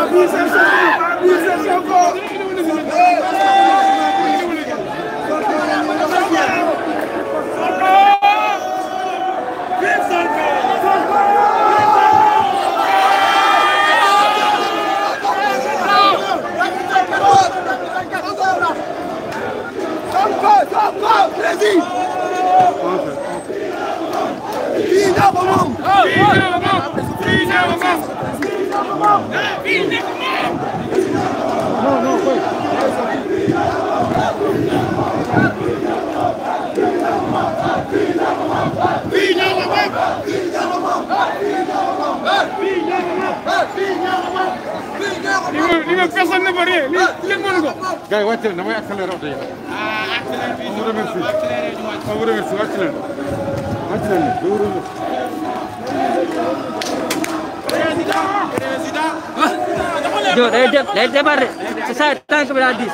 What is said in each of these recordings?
Abuse Soko! Abuse Soko! Brasil! Vida Romão! Vida Romão! Vida Romão! Vida Romão! Vida Romão! Não, não, foi! li ma li ma personne ne peut rien lii kenn mënu ko. gars yi wàcc leen damay accéléré oto yi. ah accéléré bi ñu wàcc accéléré ñu wàcc. on vous remercie wàcc leen wàcc leen doo wërëm. président président. joo day dé day démarré c'est ça tànk bi daa diis.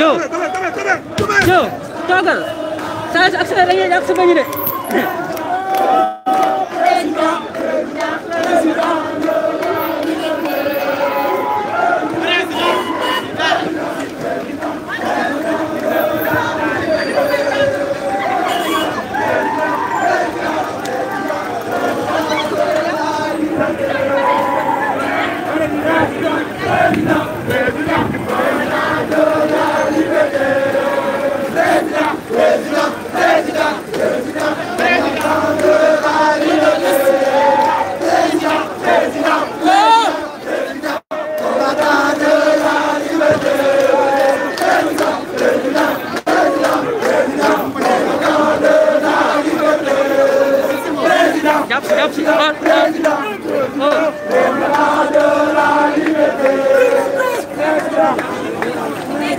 joo joo toogal. Sen aksana lan ya aksana gire.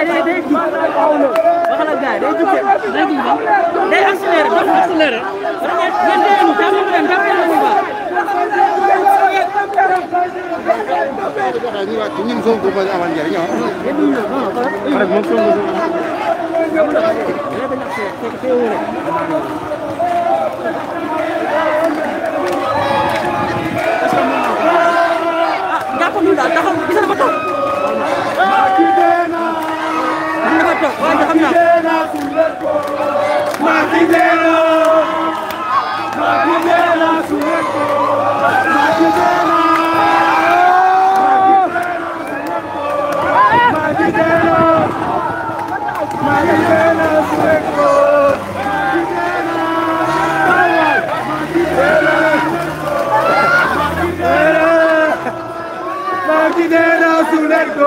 day day day kii wax la gars day jukkee day kii ba day accéléré dox accéléré vraiment yéen day ñu tàmm leen tàmm leen bu baax. ñun Sonko ba ñu amal njëriñ ah jàpp nañu daal taxaw gis nga ba taw. Maquinera Zunerco.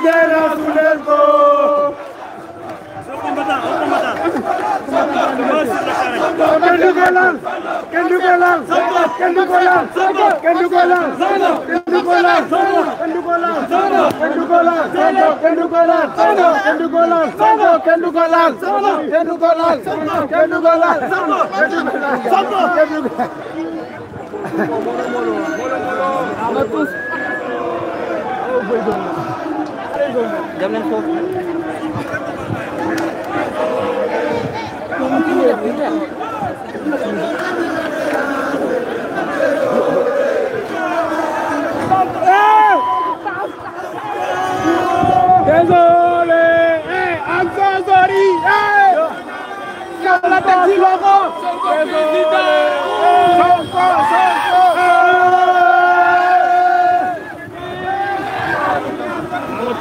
Oh my god. dám lên khô Désolé, eh, I'm so sorry, eh! Sur la tête du logo!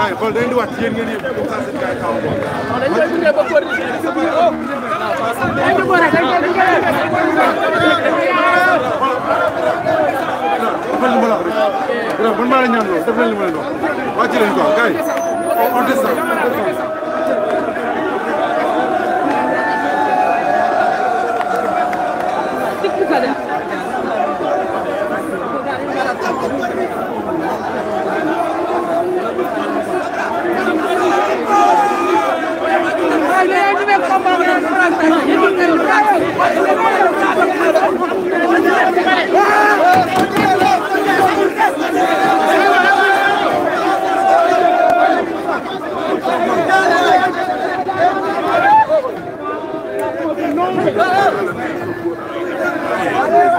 kay xool dañ di wàcc yéen ngeen yëpp comme ça seen kay taw ko dañ koy bindee ba koor ci ci bu ko dañ ko rek dañ ko defal lu ma la wax rek dara bu ma la ñaan lool def leen li ma leen wax wàcc leen quoi kay on descend on descend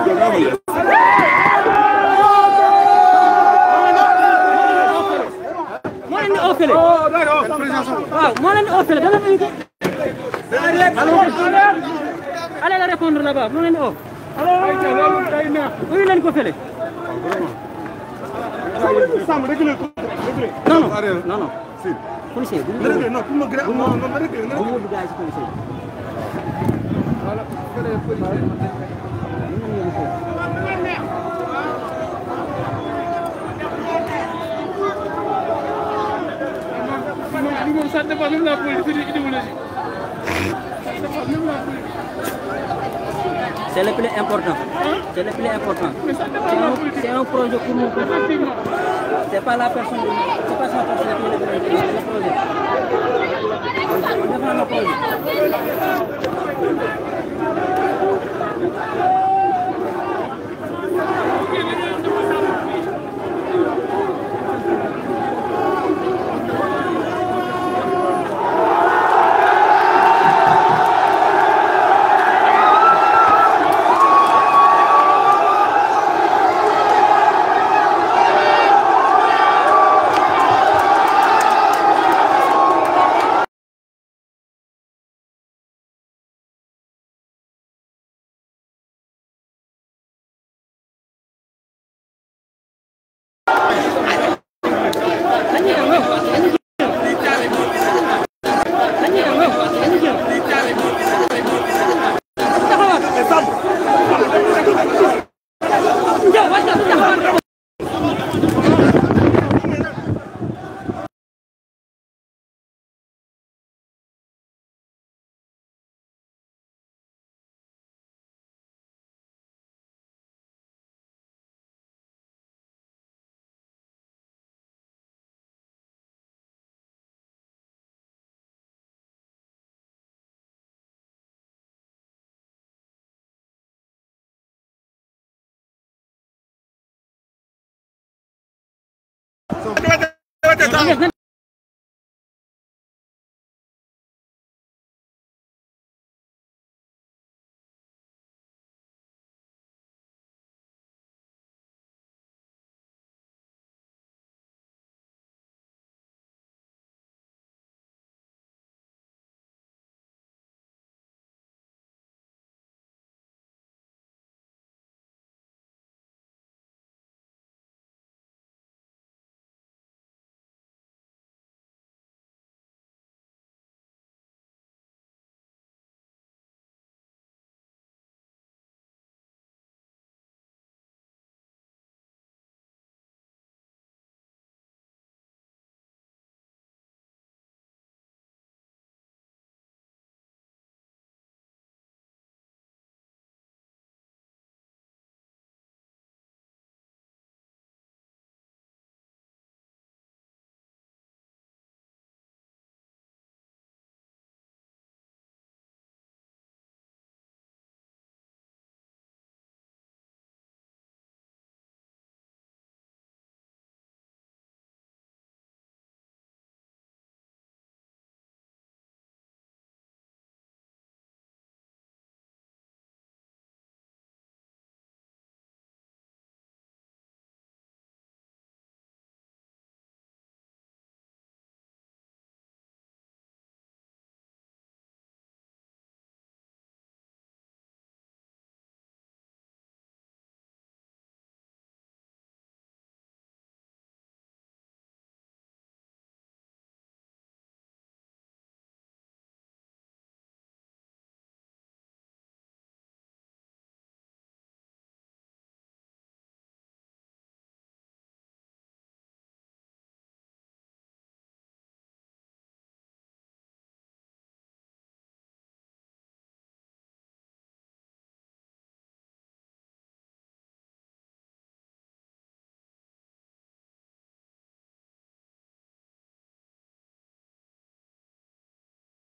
waaw moo leen di oo fële dama fay ko. allez la répondre là-bas moo leen di oo. uyu leen ko fële. non non non. policier bu ñu non pour ma gën a amoo non ma rek. bu ñu dugg si policier. ça dépasse même la politique idéologique. C'est le plus important. Hein? C'est le plus important. C'est un, projet pour nous. C'est pas la personne. C'est pas son personne qui est C'est le projet. On défend le projet. Son...